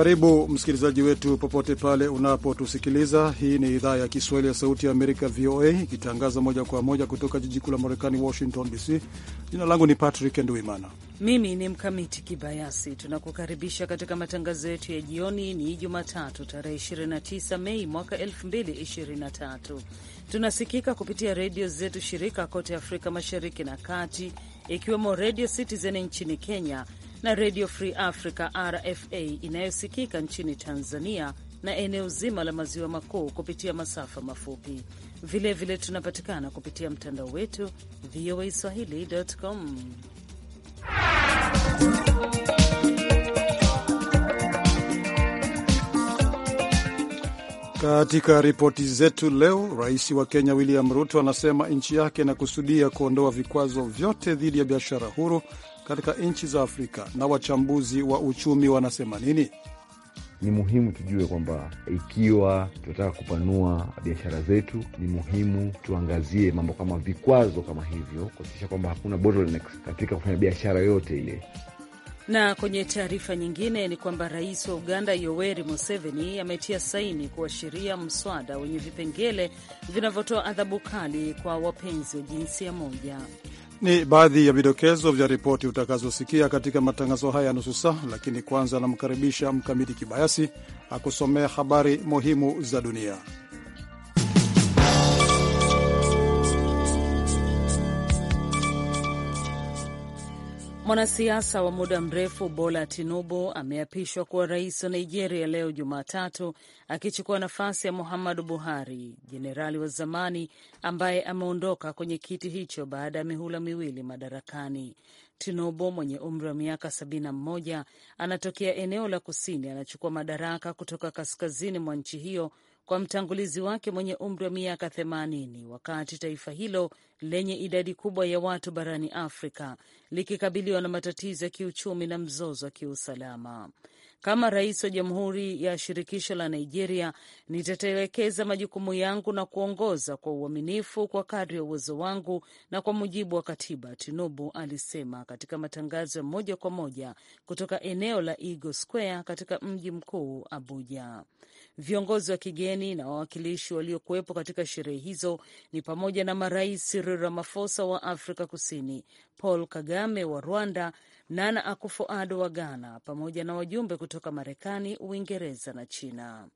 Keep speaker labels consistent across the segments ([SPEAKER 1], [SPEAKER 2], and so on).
[SPEAKER 1] Karibu msikilizaji wetu popote pale unapotusikiliza. Hii ni idhaa ya Kiswahili ya Sauti ya Amerika, VOA, ikitangaza moja kwa moja kutoka jiji kuu la Marekani, Washington DC. Jina langu ni Patrick Nduimana,
[SPEAKER 2] mimi ni Mkamiti Kibayasi. Tunakukaribisha katika matangazo yetu ya jioni. Ni Jumatatu tarehe 29 Mei mwaka 2023. Tunasikika kupitia redio zetu shirika kote Afrika Mashariki na Kati, ikiwemo Redio Citizen nchini Kenya na redio Free Africa RFA inayosikika nchini Tanzania na eneo zima la maziwa makuu kupitia masafa mafupi. Vilevile vile tunapatikana kupitia mtandao wetu VOA Swahili.com.
[SPEAKER 1] Katika ripoti zetu leo, rais wa Kenya William Ruto anasema nchi yake inakusudia kuondoa vikwazo vyote dhidi ya biashara huru katika nchi za Afrika na wachambuzi wa uchumi wanasema nini?
[SPEAKER 3] Ni muhimu tujue kwamba ikiwa tunataka kupanua biashara zetu, ni muhimu tuangazie mambo kama vikwazo kama hivyo, kuhakikisha kwamba hakuna bottlenecks katika kufanya biashara yote
[SPEAKER 4] ile.
[SPEAKER 2] Na kwenye taarifa nyingine ni kwamba rais wa Uganda Yoweri Museveni ametia saini kuashiria mswada wenye vipengele vinavyotoa adhabu kali kwa wapenzi wa jinsia moja.
[SPEAKER 1] Ni baadhi ya vidokezo vya ripoti utakazosikia katika matangazo haya ya nusu saa, lakini kwanza anamkaribisha Mkamiti Kibayasi akusomea habari muhimu za dunia.
[SPEAKER 2] Mwanasiasa wa muda mrefu Bola Tinubu ameapishwa kuwa rais wa Nigeria leo Jumatatu, akichukua nafasi ya Muhammadu Buhari, jenerali wa zamani ambaye ameondoka kwenye kiti hicho baada ya mihula miwili madarakani. Tinubu mwenye umri wa miaka 71 anatokea eneo la kusini, anachukua madaraka kutoka kaskazini mwa nchi hiyo kwa mtangulizi wake mwenye umri wa miaka 80 wakati taifa hilo lenye idadi kubwa ya watu barani Afrika likikabiliwa na matatizo ya kiuchumi na mzozo wa kiusalama. Kama rais wa Jamhuri ya Shirikisho la Nigeria, nitatelekeza majukumu yangu na kuongoza kwa uaminifu kwa kadri ya uwezo wangu na kwa mujibu wa katiba, Tinubu alisema katika matangazo ya moja kwa moja kutoka eneo la Eagle Square katika mji mkuu Abuja. Viongozi wa kigeni na wawakilishi waliokuwepo katika sherehe hizo ni pamoja na marais Cyril Ramaphosa wa Afrika Kusini, Paul Kagame wa Rwanda, Nana Akufo-Addo wa Ghana, pamoja na wajumbe kutoka Marekani, Uingereza na China.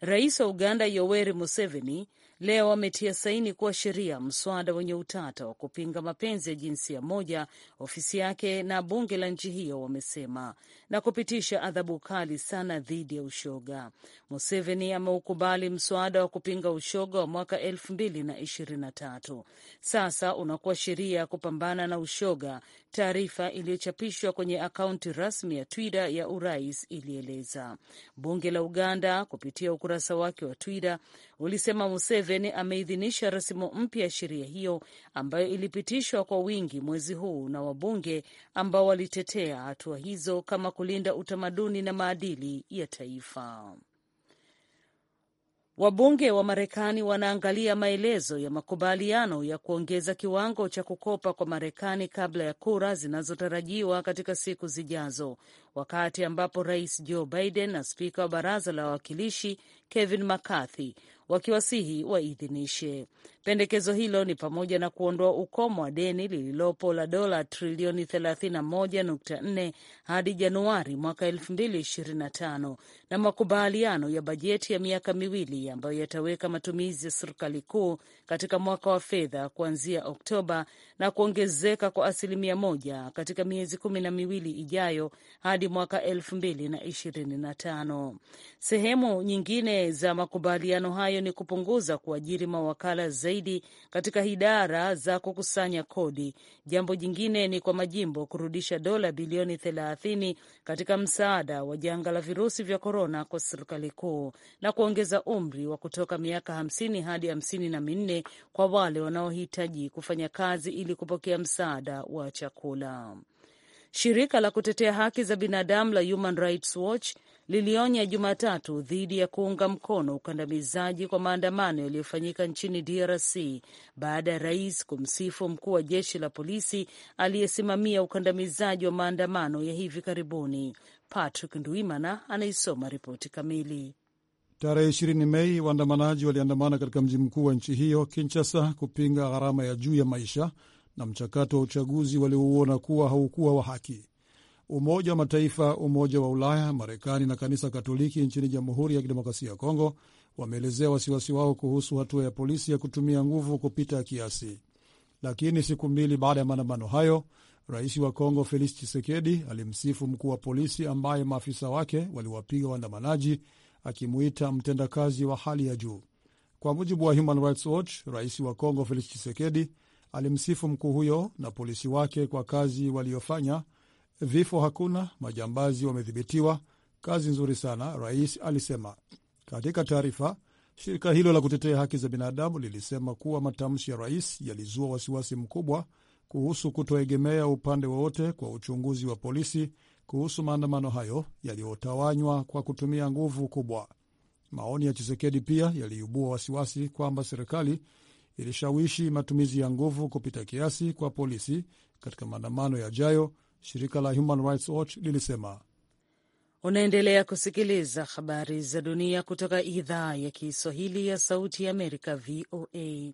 [SPEAKER 2] Rais wa Uganda Yoweri Museveni leo ametia saini kuwa sheria mswada wenye utata wa kupinga mapenzi ya jinsia moja, ofisi yake na bunge la nchi hiyo wamesema, na kupitisha adhabu kali sana dhidi ya ushoga. Museveni ameukubali mswada wa kupinga ushoga wa mwaka elfu mbili na ishirini na tatu, sasa unakuwa sheria ya kupambana na ushoga Taarifa iliyochapishwa kwenye akaunti rasmi ya Twitter ya urais ilieleza. Bunge la Uganda kupitia ukurasa wake wa Twitter ulisema Museveni ameidhinisha rasimu mpya ya sheria hiyo ambayo ilipitishwa kwa wingi mwezi huu na wabunge ambao walitetea hatua hizo kama kulinda utamaduni na maadili ya taifa. Wabunge wa Marekani wanaangalia maelezo ya makubaliano ya kuongeza kiwango cha kukopa kwa Marekani kabla ya kura zinazotarajiwa katika siku zijazo, wakati ambapo Rais Joe Biden na spika wa baraza la wawakilishi Kevin McCarthy wakiwasihi waidhinishe. Pendekezo hilo ni pamoja na kuondoa ukomo wa deni lililopo la dola trilioni 31.4 hadi Januari mwaka 2025 na makubaliano ya bajeti ya miaka miwili ambayo yataweka matumizi ya serikali kuu katika mwaka wa fedha kuanzia Oktoba na kuongezeka kwa asilimia moja katika miezi kumi na miwili ijayo hadi mwaka 2025. Sehemu nyingine za makubaliano hayo hayo ni kupunguza kuajiri mawakala zaidi katika idara za kukusanya kodi. Jambo jingine ni kwa majimbo kurudisha dola bilioni 30 katika msaada wa janga la virusi vya korona kwa serikali kuu na kuongeza umri wa kutoka miaka 50 hadi 54 kwa wale wanaohitaji kufanya kazi ili kupokea msaada wa chakula. Shirika la kutetea haki za binadamu la Human Rights Watch lilionya Jumatatu dhidi ya kuunga mkono ukandamizaji kwa maandamano yaliyofanyika nchini DRC baada ya rais kumsifu mkuu wa jeshi la polisi aliyesimamia ukandamizaji wa maandamano ya hivi karibuni. Patrick Nduimana anaisoma ripoti kamili.
[SPEAKER 1] Tarehe ishirini Mei, waandamanaji waliandamana katika mji mkuu wa nchi hiyo Kinshasa, kupinga gharama ya juu ya maisha na mchakato wa uchaguzi waliouona kuwa haukuwa wa haki. Umoja wa Mataifa, Umoja wa Ulaya, Marekani na Kanisa Katoliki nchini Jamhuri ya Kidemokrasia ya Kongo wameelezea wasiwasi wao kuhusu hatua ya polisi ya kutumia nguvu kupita kiasi. Lakini siku mbili baada ya maandamano hayo, rais wa Kongo Felix Tshisekedi alimsifu mkuu wa polisi ambaye maafisa wake waliwapiga waandamanaji, akimuita mtendakazi wa hali ya juu. Kwa mujibu wa Human Rights Watch, rais wa Kongo Felix Tshisekedi alimsifu mkuu huyo na polisi wake kwa kazi waliofanya Vifo hakuna, majambazi wamedhibitiwa, kazi nzuri sana, rais alisema. Katika taarifa, shirika hilo la kutetea haki za binadamu lilisema kuwa matamshi ya rais yalizua wasiwasi mkubwa kuhusu kutoegemea upande wowote kwa uchunguzi wa polisi kuhusu maandamano hayo yaliyotawanywa kwa kutumia nguvu kubwa. Maoni ya Chisekedi pia yaliibua wasiwasi kwamba serikali ilishawishi matumizi ya nguvu kupita kiasi kwa polisi katika maandamano yajayo shirika la Human Rights Watch lilisema.
[SPEAKER 2] Unaendelea kusikiliza habari za dunia kutoka idhaa ya Kiswahili ya Sauti ya Amerika, VOA.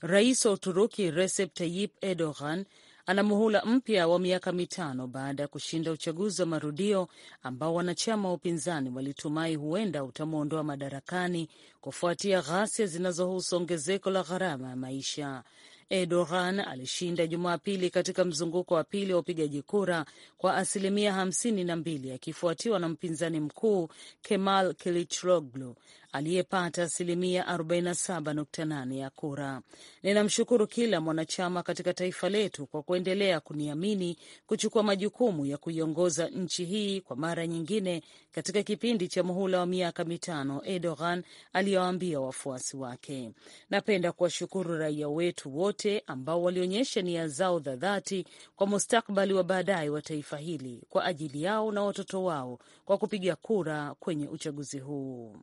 [SPEAKER 2] Rais wa Uturuki Recep Tayyip Erdogan ana muhula mpya wa miaka mitano baada ya kushinda uchaguzi wa marudio ambao wanachama wa upinzani walitumai huenda utamwondoa madarakani kufuatia ghasia zinazohusu ongezeko la gharama ya maisha. Erdogan alishinda Jumapili katika mzunguko wa pili wa upigaji kura kwa asilimia hamsini na mbili akifuatiwa na mpinzani mkuu Kemal Kilichdaroglu aliyepata asilimia 47.8 ya kura. Ninamshukuru kila mwanachama katika taifa letu kwa kuendelea kuniamini kuchukua majukumu ya kuiongoza nchi hii kwa mara nyingine katika kipindi cha muhula wa miaka mitano, Erdogan aliyowaambia wafuasi wake. Napenda kuwashukuru raia wetu wote ambao walionyesha nia zao za dhati kwa mustakbali wa baadaye wa taifa hili, kwa ajili yao na watoto wao, kwa kupiga kura kwenye uchaguzi huu.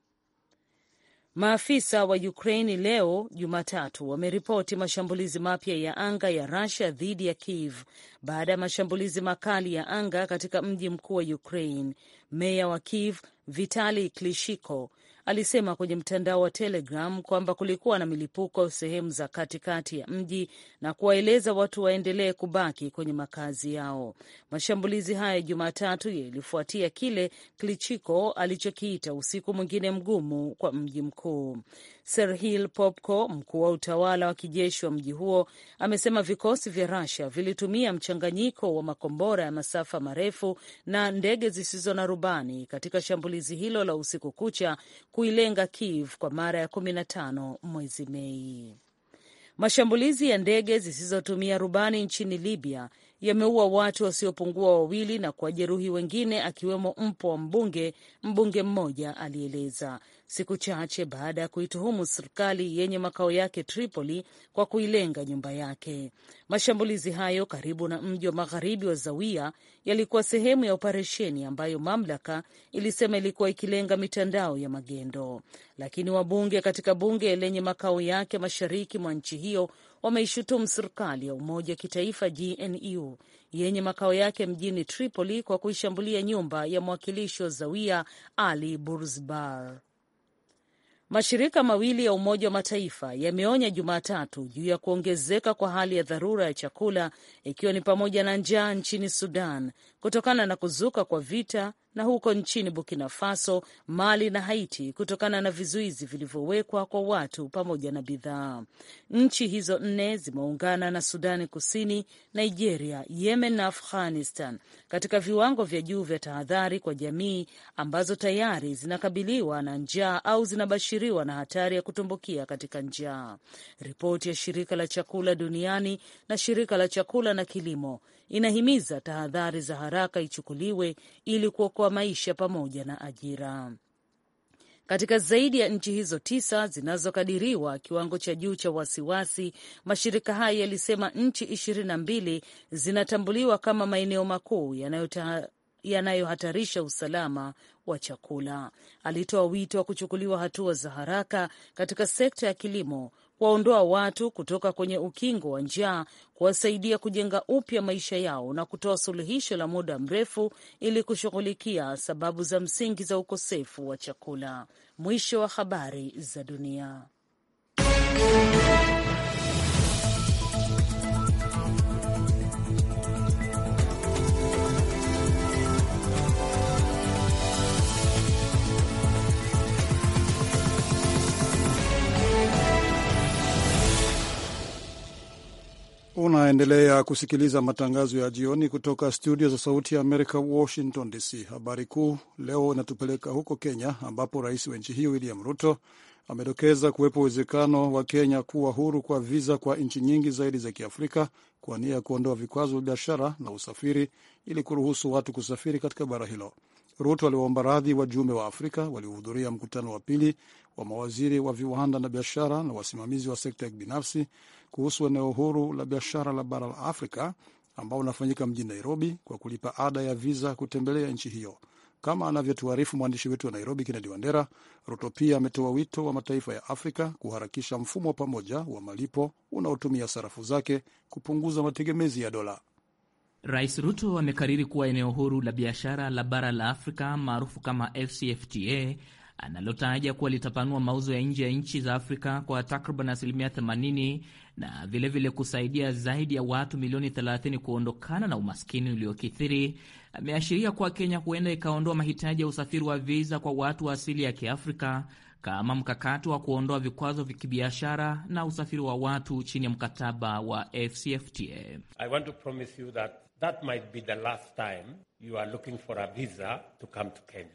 [SPEAKER 2] Maafisa wa Ukraini leo Jumatatu wameripoti mashambulizi mapya ya anga ya Russia dhidi ya Kiev baada ya mashambulizi makali ya anga katika mji mkuu wa Ukraine. Meya wa Kiev Vitali klishiko alisema kwenye mtandao wa Telegram kwamba kulikuwa na milipuko sehemu za katikati ya mji na kuwaeleza watu waendelee kubaki kwenye makazi yao. Mashambulizi haya Jumatatu yalifuatia kile Klichiko alichokiita usiku mwingine mgumu kwa mji mkuu. Serhil Popko, mkuu wa utawala wa kijeshi wa mji huo, amesema vikosi vya Russia vilitumia mchanganyiko wa makombora ya masafa marefu na ndege zisizo na rubani katika shambulizi hilo la usiku kucha kuilenga Kiev kwa mara ya 15 mwezi Mei. Mashambulizi ya ndege zisizotumia rubani nchini Libya yameua watu wasiopungua wawili na kuwajeruhi wengine akiwemo mpo wa mbunge, mbunge mmoja alieleza, siku chache baada ya kuituhumu serikali yenye makao yake Tripoli kwa kuilenga nyumba yake. Mashambulizi hayo karibu na mji wa magharibi wa zawia yalikuwa sehemu ya operesheni ambayo mamlaka ilisema ilikuwa ikilenga mitandao ya magendo, lakini wabunge katika bunge lenye makao yake mashariki mwa nchi hiyo wameishutumu serikali ya umoja wa kitaifa GNU yenye makao yake mjini Tripoli kwa kuishambulia nyumba ya mwakilishi wa Zawia Ali Burzbar. Mashirika mawili ya Umoja wa Mataifa yameonya Jumatatu juu ya kuongezeka kwa hali ya dharura ya chakula ikiwa ni pamoja na njaa nchini Sudan kutokana na kuzuka kwa vita na huko nchini Burkina Faso, Mali na Haiti kutokana na vizuizi vilivyowekwa kwa watu pamoja na bidhaa. Nchi hizo nne zimeungana na Sudani Kusini, Nigeria, Yemen na Afghanistan katika viwango vya juu vya tahadhari kwa jamii ambazo tayari zinakabiliwa na njaa au zinabashiriwa na hatari ya kutumbukia katika njaa. Ripoti ya shirika la chakula duniani na shirika la chakula na kilimo inahimiza tahadhari za haraka ichukuliwe ili kuokoa maisha pamoja na ajira. Katika zaidi ya nchi hizo tisa zinazokadiriwa kiwango cha juu cha wasiwasi, mashirika hayo yalisema nchi ishirini na mbili zinatambuliwa kama maeneo makuu yanayohatarisha usalama wa chakula. Alitoa wito wa kuchukuliwa hatua za haraka katika sekta ya kilimo, kuwaondoa watu kutoka kwenye ukingo wa njaa, kuwasaidia kujenga upya maisha yao na kutoa suluhisho la muda mrefu ili kushughulikia sababu za msingi za ukosefu wa chakula. Mwisho wa habari za dunia.
[SPEAKER 1] Unaendelea kusikiliza matangazo ya jioni kutoka studio za Sauti ya Amerika, Washington DC. Habari kuu leo inatupeleka huko Kenya, ambapo rais wa nchi hiyo William Ruto amedokeza kuwepo uwezekano wa Kenya kuwa huru kwa viza kwa nchi nyingi zaidi za Kiafrika kwa nia ya kuondoa vikwazo vya biashara na usafiri ili kuruhusu watu kusafiri katika bara hilo. Ruto aliwaomba radhi wajumbe wa Afrika waliohudhuria mkutano wa pili wa mawaziri wa viwanda na biashara na wasimamizi wa sekta ya kibinafsi kuhusu eneo huru la biashara la bara la Afrika ambao unafanyika mjini Nairobi kwa kulipa ada ya viza kutembelea nchi hiyo. Kama anavyotuarifu mwandishi wetu wa Nairobi, Kennedy Wandera. Ruto pia ametoa wito wa mataifa ya Afrika kuharakisha mfumo pamoja wa malipo unaotumia sarafu zake kupunguza mategemezi ya dola.
[SPEAKER 5] Rais Ruto amekariri kuwa eneo huru la biashara la bara la Afrika maarufu kama AfCFTA analotaja kuwa litapanua mauzo ya nje ya nchi za Afrika kwa takriban asilimia na vilevile vile kusaidia zaidi ya watu milioni 30 kuondokana na umaskini uliokithiri. Ameashiria kuwa Kenya huenda ikaondoa mahitaji ya usafiri wa viza kwa watu wa asili ya Kiafrika kama mkakati wa kuondoa vikwazo vya kibiashara na usafiri wa watu chini ya mkataba wa fcfta
[SPEAKER 6] I want to promise you that that might be the last time you are looking for a visa to come to Kenya.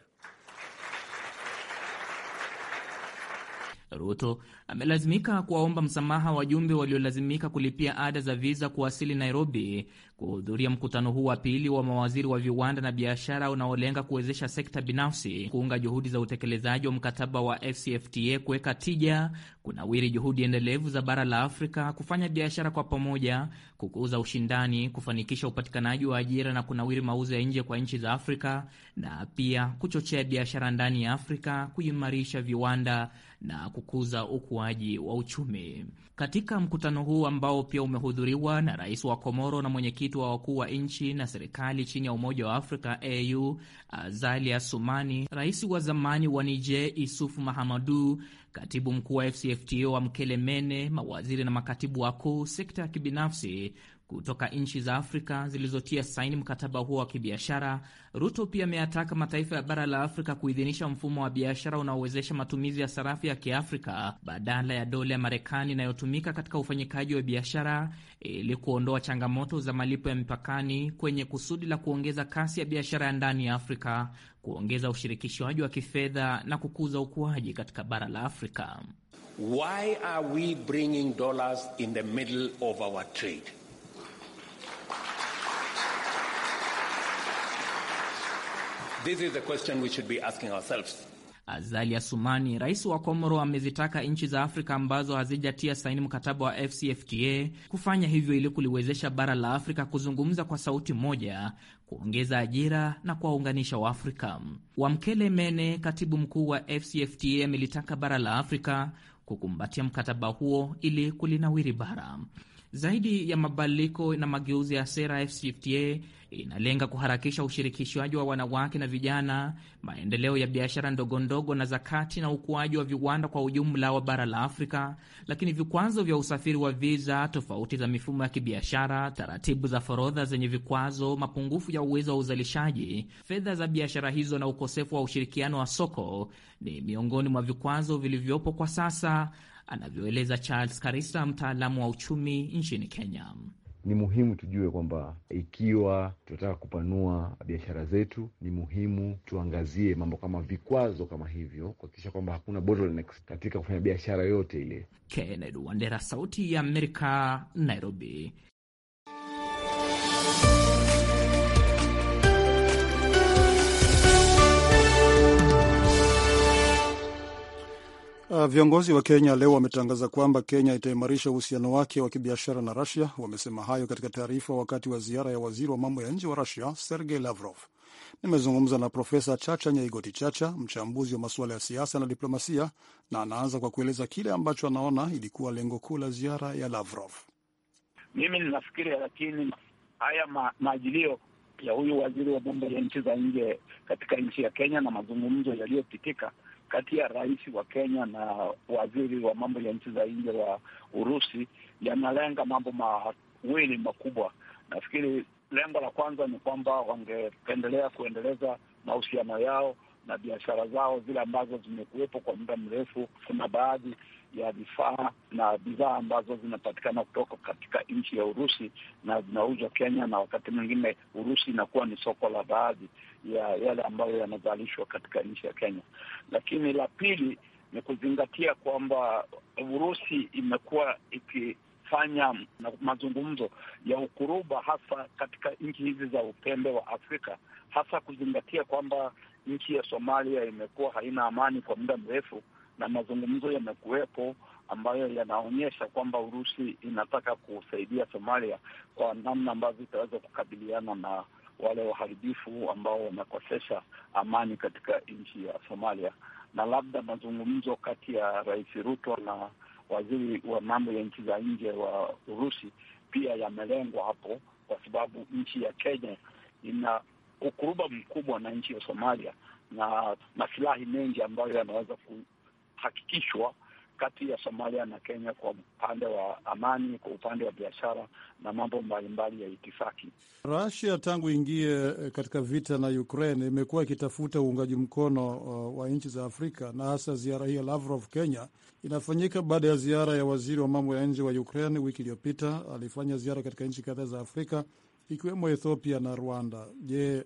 [SPEAKER 5] Ruto amelazimika kuwaomba msamaha wajumbe waliolazimika kulipia ada za viza kuwasili Nairobi kuhudhuria mkutano huu wa pili wa mawaziri wa viwanda na biashara unaolenga kuwezesha sekta binafsi kuunga juhudi za utekelezaji wa mkataba wa FCFTA, kuweka tija, kunawiri juhudi endelevu za bara la Afrika, kufanya biashara kwa pamoja, kukuza ushindani, kufanikisha upatikanaji wa ajira na kunawiri mauzo ya nje kwa nchi za Afrika, na pia kuchochea biashara ndani ya Afrika, kuimarisha viwanda na kukuza ukuaji wa uchumi. Katika mkutano huu ambao pia umehudhuriwa na rais wa Komoro na mwenyekiti mwenyekiti wa wakuu wa nchi na serikali chini ya Umoja wa Afrika AU Azalia Sumani, rais wa zamani wa Niger Isufu Mahamadu, katibu mkuu wa FCFTO wa Mkelemene, mawaziri na makatibu wakuu, sekta ya kibinafsi, kutoka nchi za Afrika zilizotia saini mkataba huo wa kibiashara. Ruto pia ameyataka mataifa ya bara la Afrika kuidhinisha mfumo wa biashara unaowezesha matumizi ya sarafu ya Kiafrika badala ya dola ya Marekani inayotumika katika ufanyikaji wa biashara ili kuondoa changamoto za malipo ya mipakani kwenye kusudi la kuongeza kasi ya biashara ya ndani ya Afrika, kuongeza ushirikishwaji wa kifedha na kukuza ukuaji katika bara la Afrika.
[SPEAKER 6] Why are we bringing dollars in the middle of our trade? This is the question we should be asking ourselves.
[SPEAKER 5] Azali Asumani, rais wa Komoro, amezitaka nchi za Afrika ambazo hazijatia saini mkataba wa fcfta kufanya hivyo ili kuliwezesha bara la Afrika kuzungumza kwa sauti moja, kuongeza ajira na kuwaunganisha Waafrika. Wamkele Mene, katibu mkuu wa fcfta amelitaka bara la Afrika kukumbatia mkataba huo ili kulinawiri bara. Zaidi ya mabadiliko na mageuzi ya sera FCFTA inalenga kuharakisha ushirikishwaji wa wanawake na vijana, maendeleo ya biashara ndogondogo na na zakati na ukuaji wa viwanda kwa ujumla wa bara la Afrika. Lakini vikwazo vya usafiri wa viza, tofauti za mifumo ya kibiashara, taratibu za forodha zenye vikwazo, mapungufu ya uwezo wa uzalishaji, fedha za biashara hizo na ukosefu wa ushirikiano wa soko ni miongoni mwa vikwazo vilivyopo kwa sasa anavyoeleza Charles Karisa, mtaalamu wa uchumi nchini Kenya.
[SPEAKER 3] Ni muhimu tujue kwamba ikiwa tunataka kupanua biashara zetu, ni muhimu tuangazie mambo kama vikwazo kama hivyo, kuhakikisha kwamba hakuna bottlenecks katika kufanya biashara yote ile.
[SPEAKER 5] Kennedy Wandera, Sauti ya Amerika, Nairobi.
[SPEAKER 1] Uh, viongozi wa Kenya leo wametangaza kwamba Kenya itaimarisha uhusiano wake wa kibiashara na Russia. Wamesema hayo katika taarifa wakati wa ziara ya waziri wa mambo ya nje wa Russia Sergei Lavrov. Nimezungumza na Profesa Chacha Nyaigoti Chacha, mchambuzi wa masuala ya siasa na diplomasia, na anaanza kwa kueleza kile ambacho anaona ilikuwa lengo kuu la ziara ya Lavrov.
[SPEAKER 6] Mimi ninafikiria, lakini haya ma, maajilio ya huyu waziri wa mambo ya nchi za nje katika nchi ya Kenya na mazungumzo yaliyopitika kati ya rais wa Kenya na waziri wa mambo ya nchi za nje wa Urusi yanalenga mambo mawili makubwa. Nafikiri lengo la kwanza ni kwamba wangependelea kuendeleza mahusiano yao na biashara zao zile ambazo zimekuwepo kwa muda mrefu. Kuna baadhi ya vifaa na bidhaa ambazo zinapatikana kutoka katika nchi ya Urusi na zinauzwa Kenya, na wakati mwingine Urusi inakuwa ni soko la baadhi ya yale ambayo yanazalishwa katika nchi ya Kenya. Lakini la pili ni kuzingatia kwamba Urusi imekuwa iki fanya mazungumzo ya ukuruba hasa katika nchi hizi za upembe wa Afrika, hasa kuzingatia kwamba nchi ya Somalia imekuwa haina amani kwa muda mrefu, na mazungumzo yamekuwepo ambayo yanaonyesha kwamba Urusi inataka kusaidia Somalia kwa namna ambavyo itaweza kukabiliana na wale waharibifu ambao wamekosesha amani katika nchi ya Somalia. Na labda mazungumzo kati ya Rais Ruto na waziri wa mambo ya nchi za nje wa Urusi pia yamelengwa hapo, kwa sababu nchi ya Kenya ina ukuruba mkubwa na nchi ya Somalia na masilahi mengi ambayo yanaweza kuhakikishwa kati ya Somalia na Kenya kwa upande wa amani, kwa upande wa biashara na mambo mbalimbali ya itifaki.
[SPEAKER 1] Russia tangu ingie eh, katika vita na Ukraine imekuwa ikitafuta uungaji mkono uh, wa nchi za Afrika, na hasa ziara hii ya Lavrov Kenya inafanyika baada ya ziara ya waziri wa mambo ya nje wa Ukraine wiki iliyopita. Alifanya ziara katika nchi kadhaa za Afrika ikiwemo Ethiopia na Rwanda. Je,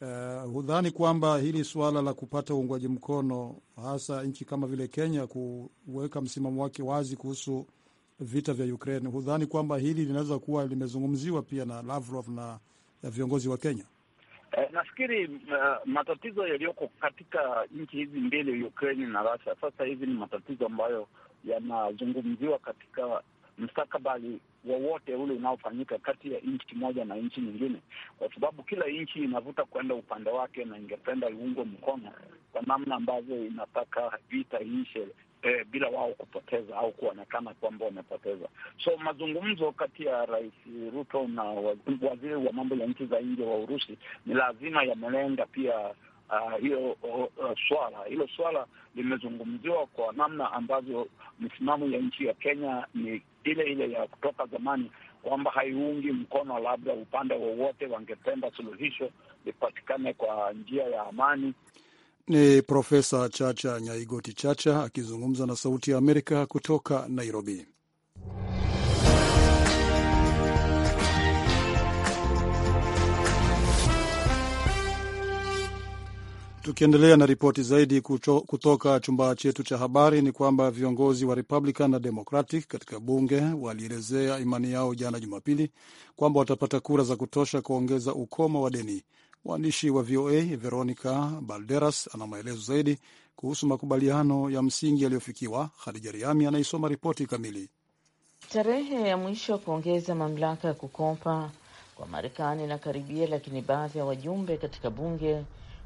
[SPEAKER 1] uh, hudhani kwamba hili suala la kupata uungwaji mkono hasa nchi kama vile Kenya kuweka msimamo wake wazi kuhusu vita vya Ukraine, hudhani kwamba hili linaweza kuwa limezungumziwa pia na Lavrov na eh, viongozi wa Kenya?
[SPEAKER 6] Eh, nafikiri uh, matatizo yaliyoko katika nchi hizi mbili Ukraine na Russia sasa hivi ni matatizo ambayo yanazungumziwa katika mstakabali wowote ule unaofanyika kati ya nchi moja na nchi nyingine, kwa sababu kila nchi inavuta kwenda upande wake na ingependa iungwe mkono kwa namna ambavyo inataka vita iishe eh, bila wao kupoteza au kuonekana kwamba wamepoteza. So mazungumzo kati ya Rais Ruto na waziri wa mambo ya nchi za nje wa Urusi ni lazima yamelenga pia Ah, hiyo swala hilo swala limezungumziwa kwa namna ambavyo misimamo ya nchi ya Kenya ni ile ile ya kutoka zamani kwamba haiungi mkono labda upande wowote, wangependa suluhisho lipatikane kwa njia ya amani.
[SPEAKER 1] Ni Profesa Chacha Nyaigoti Chacha akizungumza na Sauti ya Amerika kutoka Nairobi. Tukiendelea na ripoti zaidi kucho, kutoka chumba chetu cha habari ni kwamba viongozi wa Republican na Democratic katika bunge walielezea imani yao jana Jumapili kwamba watapata kura za kutosha kuongeza ukomo wa deni. Mwandishi wa VOA Veronica Balderas ana maelezo zaidi kuhusu makubaliano ya msingi yaliyofikiwa. Khadija Riami anaisoma ripoti kamili.
[SPEAKER 7] Tarehe ya mwisho ya kuongeza mamlaka ya kukopa kwa Marekani inakaribia, lakini baadhi ya wajumbe katika bunge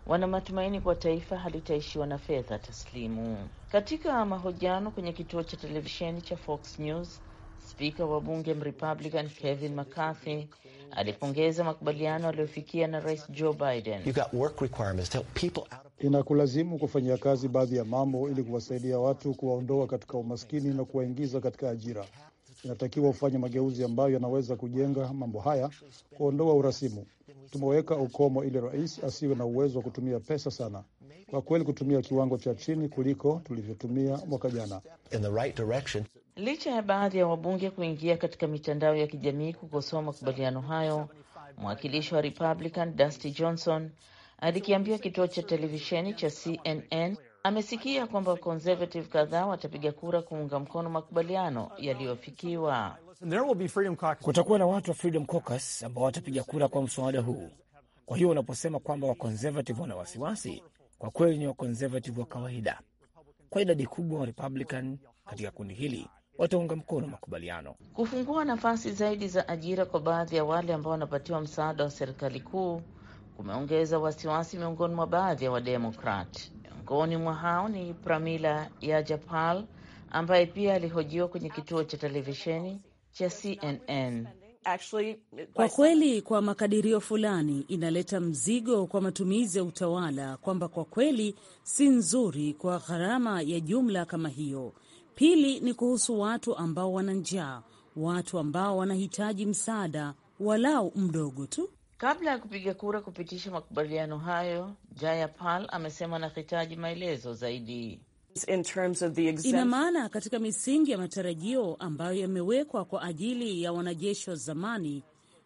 [SPEAKER 7] wana matumaini kuwa taifa halitaishiwa na fedha taslimu. Katika mahojiano kwenye kituo cha televisheni cha Fox News, spika wa bunge Mrepublican Kevin McCarthy alipongeza makubaliano aliyofikia na rais Joe Biden.
[SPEAKER 1] Inakulazimu kufanyia kazi baadhi ya mambo ili kuwasaidia watu, kuwaondoa katika umaskini na kuwaingiza katika ajira. Inatakiwa ufanye mageuzi ambayo yanaweza kujenga mambo haya, kuondoa urasimu Tumeweka ukomo ili rais asiwe na uwezo wa kutumia pesa sana, kwa kweli kutumia kiwango cha chini kuliko tulivyotumia mwaka jana.
[SPEAKER 4] Right,
[SPEAKER 7] licha ya baadhi ya wabunge kuingia katika mitandao ya kijamii kukosoa makubaliano hayo, mwakilishi wa Republican Dusty Johnson alikiambia kituo cha televisheni cha CNN amesikia kwamba Conservative kadhaa watapiga kura kuunga mkono makubaliano yaliyofikiwa.
[SPEAKER 8] Kutakuwa na watu wa Freedom Caucus ambao watapiga kura kwa mswada huu. Kwa hiyo unaposema kwamba wakonservative wana wasiwasi, kwa kweli ni wakonservative wa kawaida. Kwa idadi
[SPEAKER 7] kubwa wa Republican katika kundi hili wataunga mkono
[SPEAKER 8] makubaliano.
[SPEAKER 7] Kufungua nafasi zaidi za ajira kwa baadhi ya wale ambao wanapatiwa msaada wa serikali kuu kumeongeza wasiwasi miongoni mwa baadhi ya Wademokrat. Miongoni mwa hao ni Pramila Yajapal ambaye pia alihojiwa kwenye kituo cha televisheni cha CNN. Kwa kweli, kwa makadirio fulani, inaleta
[SPEAKER 2] mzigo kwa matumizi ya utawala kwamba kwa kweli si nzuri kwa gharama ya jumla kama hiyo. Pili ni kuhusu watu ambao wana njaa, watu ambao wanahitaji msaada walau mdogo tu.
[SPEAKER 7] Kabla ya kupiga kura kupitisha makubaliano hayo, Jayapal amesema anahitaji maelezo zaidi. Ina
[SPEAKER 2] maana katika misingi ya matarajio ambayo yamewekwa kwa ajili ya wanajeshi wa zamani,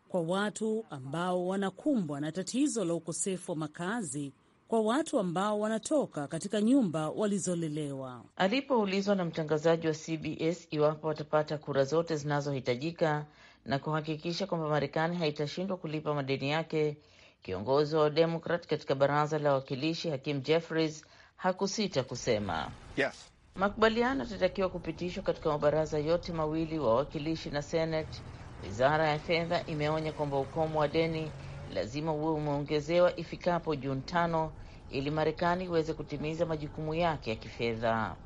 [SPEAKER 2] kwa watu ambao wanakumbwa na tatizo la
[SPEAKER 7] ukosefu wa makazi, kwa watu ambao wanatoka katika nyumba walizolelewa. Alipoulizwa na mtangazaji wa CBS iwapo watapata kura zote zinazohitajika na kuhakikisha kwamba Marekani haitashindwa kulipa madeni yake, kiongozi wa Demokrat katika baraza la wawakilishi Hakim Jeffries hakusita kusema Yes. Makubaliano yatatakiwa kupitishwa katika mabaraza yote mawili, wawakilishi na Senate. Wizara ya fedha imeonya kwamba ukomo wa deni lazima uwe umeongezewa ifikapo Juni tano ili Marekani iweze kutimiza majukumu yake ya kifedha.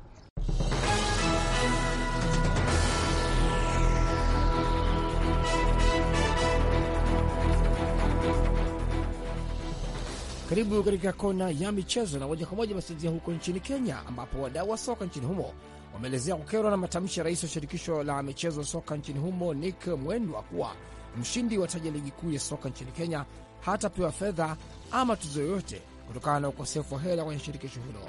[SPEAKER 8] Karibu katika kona ya michezo, na moja kwa moja masinzia huko nchini Kenya, ambapo wadau wa soka nchini humo wameelezea kukerwa na matamshi ya rais wa shirikisho la michezo soka nchini humo Nick Mwendwa kuwa mshindi wa taji ligi kuu ya soka nchini Kenya hatapewa fedha ama tuzo yoyote kutokana na ukosefu wa hela kwenye shirikisho hilo.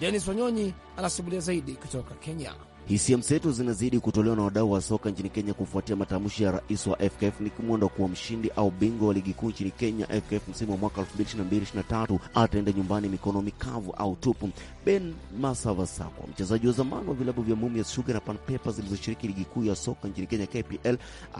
[SPEAKER 8] Denis Wanyonyi anasimulia zaidi kutoka Kenya.
[SPEAKER 4] Hisia mseto zinazidi kutolewa na wadau wa soka nchini Kenya kufuatia matamshi ya rais wa FKF Nick Mwendwa kuwa mshindi au bingwa wa ligi kuu nchini Kenya FKF msimu wa mwaka 2022-2023 ataenda nyumbani mikono mikavu au tupu. Ben Masava Sakwa, mchezaji wa zamani wa vilabu vya Mumias Sugar na Pan Papers zilizoshiriki ligi kuu ya soka nchini Kenya KPL,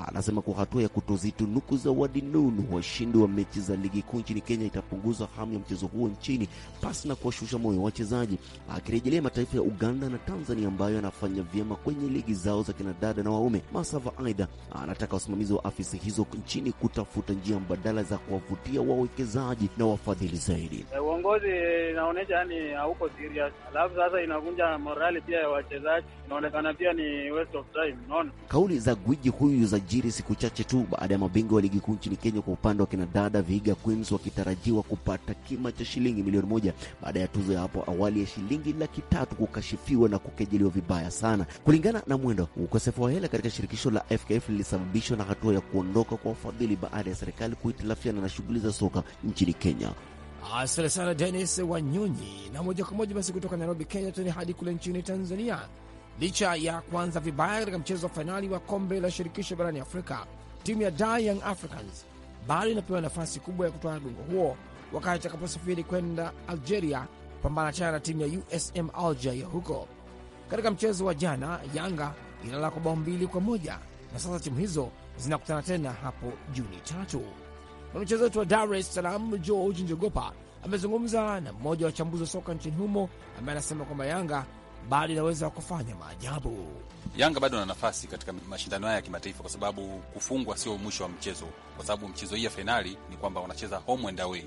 [SPEAKER 4] anasema kuwa hatua ya kutozitunuku wadi nunu washindi wa mechi za ligi kuu nchini Kenya itapunguza hamu ya mchezo huo nchini pasi na kuwashusha moyo wachezaji, akirejelea mataifa ya Uganda na Tanzania ambayo yanafanya kufanya vyema kwenye ligi zao za kinadada na waume. Masava aidha anataka wasimamizi wa afisi hizo nchini kutafuta njia mbadala za kuwavutia wawekezaji na wafadhili zaidi.
[SPEAKER 6] Eh, uongozi inaonyesha yani hauko serious, alafu sasa inavunja morali pia ya wachezaji, inaonekana pia ni waste of time. Unaona
[SPEAKER 4] kauli za gwiji huyu jiri siku chache tu baada ya mabingwa wa ligi kuu nchini Kenya kwa upande wa kinadada Vihiga Queens wakitarajiwa kupata kima cha shilingi milioni moja baada ya tuzo ya hapo awali ya shilingi laki tatu kukashifiwa na kukejeliwa vibaya sana. Kulingana na Mwendo, ukosefu wa hela katika shirikisho la FKF lilisababishwa na hatua ya kuondoka kwa wafadhili baada ya serikali kuhitilafiana na shughuli za soka nchini Kenya.
[SPEAKER 8] Asante sana Denis Wanyonyi. Na moja kwa moja basi kutoka Nairobi, Kenya, tuni hadi kule nchini Tanzania. Licha ya kuanza vibaya katika mchezo wa fainali wa kombe la shirikisho barani Afrika, timu ya Dar Young Africans bado inapewa nafasi kubwa ya kutoa ubingwa huo wakati atakaposafiri kwenda Algeria kupambana chana na timu ya USM Alger ya huko. Katika mchezo wa jana, Yanga ilala kwa bao mbili kwa moja na sasa timu hizo zinakutana tena hapo Juni tatu. Mwanamchezo wetu wa Dar es Salaam George Njogopa amezungumza na mmoja wa wachambuzi wa soka nchini humo ambaye anasema kwamba Yanga bado inaweza kufanya maajabu.
[SPEAKER 9] Yanga bado na nafasi katika mashindano haya ya kimataifa, kwa sababu kufungwa sio mwisho wa mchezo, kwa sababu mchezo hii ya fainali ni kwamba wanacheza home and away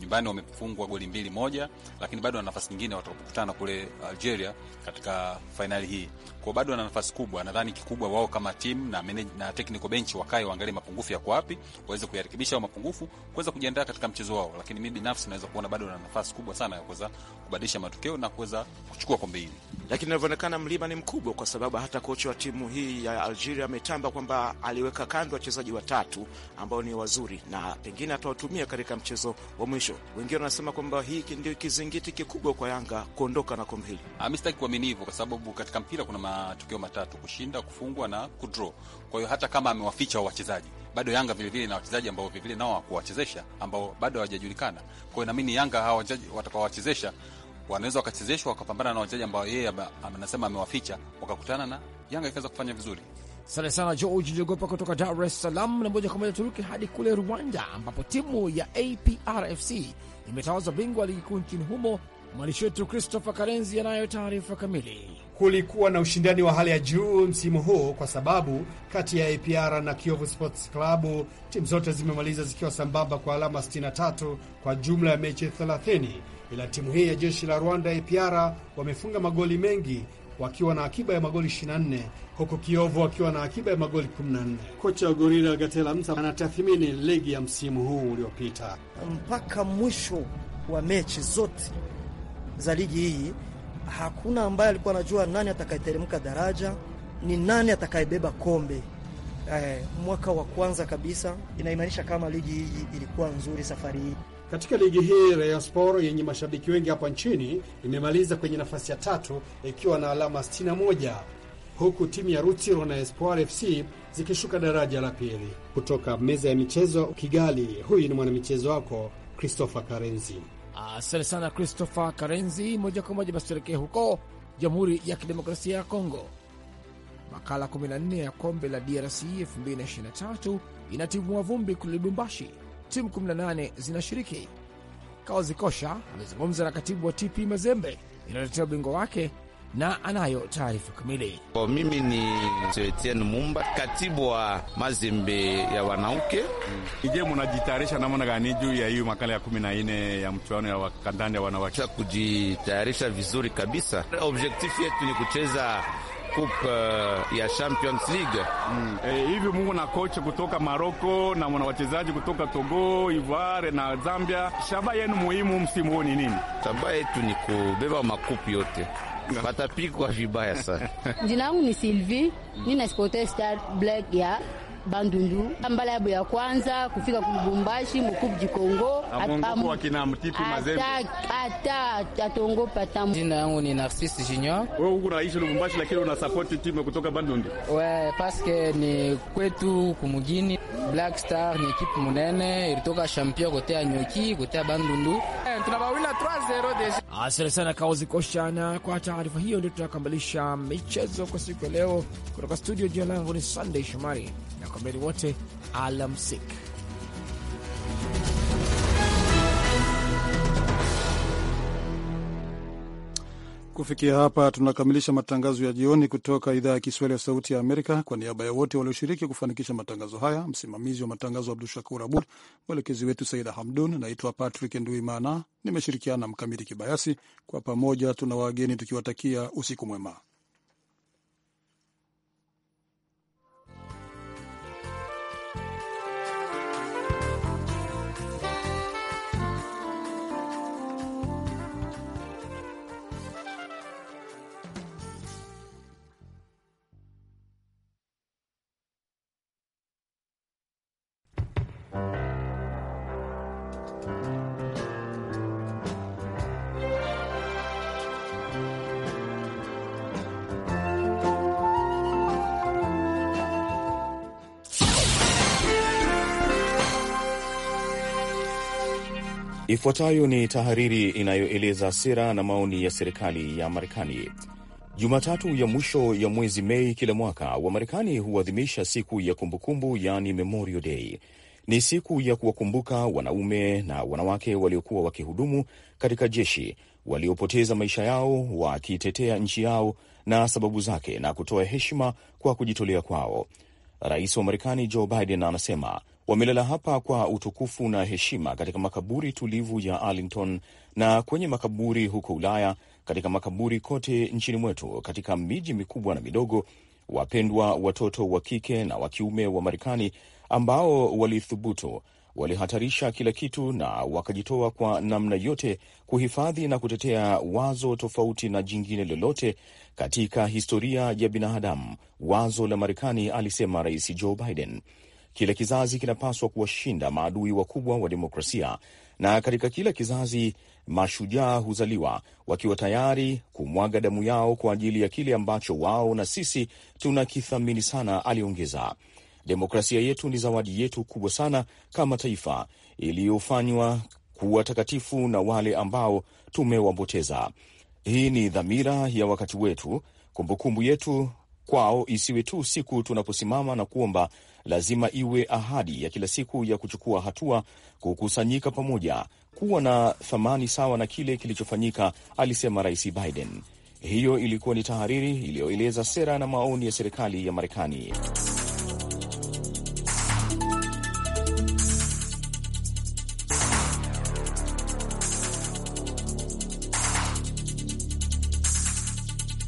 [SPEAKER 9] nyumbani wamefungwa goli mbili moja, lakini bado wana nafasi nyingine watakutana kule Algeria katika fainali hii, Kwao bado wana nafasi kubwa. Nadhani kikubwa wao kama timu na na technical bench wakae waangalie mapungufu yako wapi, waweze kuyarekebisha au mapungufu kuweza kujiandaa katika mchezo wao, lakini mimi binafsi naweza kuona bado wana nafasi kubwa sana ya kuweza kubadilisha matokeo na kuweza kuchukua kombe hili, lakini
[SPEAKER 4] inavyoonekana mlima ni
[SPEAKER 9] mkubwa, kwa sababu hata kocha wa timu hii ya Algeria ametamba kwamba
[SPEAKER 3] aliweka kando wachezaji watatu ambao ni wazuri na pengine atawatumia katika mchezo wa mwisho kesho. Wengine wanasema kwamba hiki ndio kizingiti kikubwa kwa Yanga kuondoka na kombe hili.
[SPEAKER 9] Ah, mi sitaki kuamini hivyo, kwa sababu katika mpira kuna matukio matatu: kushinda, kufungwa na kudro. Kwa hiyo hata kama amewaficha wachezaji bado Yanga vilevile na wachezaji ambao vilevile nao wakuwachezesha ambao bado hawajajulikana. Kwa hiyo naamini Yanga hawa watakawachezesha wanaweza wakachezeshwa wakapambana na wachezaji ambao yeye anasema amewaficha, wakakutana na Yanga ikaweza kufanya vizuri.
[SPEAKER 8] Asante sana George Jogopa kutoka Dar es Salaam. Na moja kwa moja Turuki hadi kule Rwanda, ambapo timu ya APRFC imetawazwa bingwa ligi kuu nchini humo. Mwandishi wetu Christopher Karenzi anayo taarifa kamili. Kulikuwa na ushindani wa hali ya juu msimu huu kwa sababu kati ya APR
[SPEAKER 1] na kiovu Sports Club timu zote zimemaliza zikiwa sambamba kwa alama 63 kwa jumla ya mechi 30, ila timu hii ya jeshi la Rwanda APR wamefunga magoli mengi wakiwa na akiba ya magoli 24 huku Kiovu wakiwa na akiba ya magoli 14. Kocha wa Gorila Gatela Msa anatathmini ligi ya msimu huu uliopita mpaka
[SPEAKER 4] mwisho wa mechi zote za ligi hii. Hakuna ambaye alikuwa anajua nani atakayeteremka daraja, ni nani atakayebeba kombe. Eh, mwaka wa kwanza kabisa inaimanisha kama ligi hii ilikuwa nzuri safari hii. Katika
[SPEAKER 1] ligi hii Rayon Sport yenye mashabiki wengi hapa nchini imemaliza kwenye nafasi ya tatu ikiwa na alama 61 huku timu ya Rutsiro na Espoir FC zikishuka daraja
[SPEAKER 9] la pili. Kutoka meza ya michezo Kigali, huyu ni mwanamichezo wako Christopher Karenzi.
[SPEAKER 8] Asante sana Christopher Karenzi. Moja kwa moja basi tuelekee huko Jamhuri ya Kidemokrasia ya Kongo. Makala 14 ya kombe la DRC 2023 inatimua vumbi kule Lubumbashi timu 18 zinashiriki. Kaozi Kosha amezungumza na katibu wa TP Mazembe inayotetea ubingwa wake na anayo taarifa kamili.
[SPEAKER 4] Mimi ni Etienne Mumba, katibu wa
[SPEAKER 3] Mazembe ya wanawake. Ije, munajitayarisha namna gani juu ya hiyo makala ya kumi na nne ya mchuano ya kandanda ya wanawake? Kujitayarisha vizuri kabisa. Objektifu yetu ni kucheza Coupe uh, ya Champions League mm. E, eh, hivi Mungu na kocha kutoka Maroko na mwana wachezaji kutoka Togo, Ivoire na Zambia, shaba yenu muhimu msimu huu ni nini? Shaba yetu ni kubeba makupu yote patapikwa
[SPEAKER 4] vibaya sana.
[SPEAKER 2] Jina langu ni Sylvie, nina sporte star black ya
[SPEAKER 7] Bandundu ambala ya kwanza kufika kulubumbashi mukubji Kongo ata atongo pata. Jina yangu ni Narcisse
[SPEAKER 5] Junior.
[SPEAKER 9] Wewe uko naishi Lubumbashi, lakini una support timu kutoka Bandundu?
[SPEAKER 5] We, paske ni kwetu kumugini Black Star ni ekipe munene ilitoka shampio kotea Nyoki kotea
[SPEAKER 8] Bandundu, eh, Asante ah, sana Kaozi Koshana kwa taarifa hiyo. Ndio tunakamilisha michezo kwa siku ya leo kutoka studio. Jina langu ni Sunday Shomari na kwa mberi wote alamsik.
[SPEAKER 1] Kufikia hapa tunakamilisha matangazo ya jioni kutoka idhaa ya Kiswahili ya Sauti ya Amerika. Kwa niaba ya wote walioshiriki kufanikisha matangazo haya, msimamizi wa matangazo Abdu Shakur Abud, mwelekezi wetu Saida Hamdun, naitwa Patrick Nduimana, nimeshirikiana na Mkamiti Kibayasi. Kwa pamoja tuna wageni tukiwatakia usiku mwema.
[SPEAKER 3] Ifuatayo ni tahariri inayoeleza sera na maoni ya serikali ya Marekani. Jumatatu ya mwisho ya mwezi Mei kila mwaka, Wamarekani huadhimisha siku ya kumbukumbu, yani Memorial Day. Ni siku ya kuwakumbuka wanaume na wanawake waliokuwa wakihudumu katika jeshi waliopoteza maisha yao wakitetea nchi yao na sababu zake na kutoa heshima kwa kujitolea kwao. Rais wa Marekani Joe Biden anasema wamelala hapa kwa utukufu na heshima katika makaburi tulivu ya Arlington na kwenye makaburi huko Ulaya, katika makaburi kote nchini mwetu, katika miji mikubwa na midogo. Wapendwa watoto wa kike na wa kiume wa Marekani, ambao walithubutu, walihatarisha kila kitu na wakajitoa kwa namna yote kuhifadhi na kutetea wazo tofauti na jingine lolote katika historia ya binadamu, wazo la Marekani, alisema Rais Joe Biden. Kila kizazi kinapaswa kuwashinda maadui wakubwa wa demokrasia, na katika kila kizazi mashujaa huzaliwa wakiwa tayari kumwaga damu yao kwa ajili ya kile ambacho wao na sisi tunakithamini sana, aliongeza. Demokrasia yetu ni zawadi yetu kubwa sana kama taifa, iliyofanywa kuwa takatifu na wale ambao tumewapoteza. Hii ni dhamira ya wakati wetu, kumbukumbu yetu kwao isiwe tu siku tunaposimama na kuomba, lazima iwe ahadi ya kila siku ya kuchukua hatua, kukusanyika pamoja, kuwa na thamani sawa na kile kilichofanyika, alisema Rais Biden. Hiyo ilikuwa ni tahariri iliyoeleza sera na maoni ya serikali ya Marekani.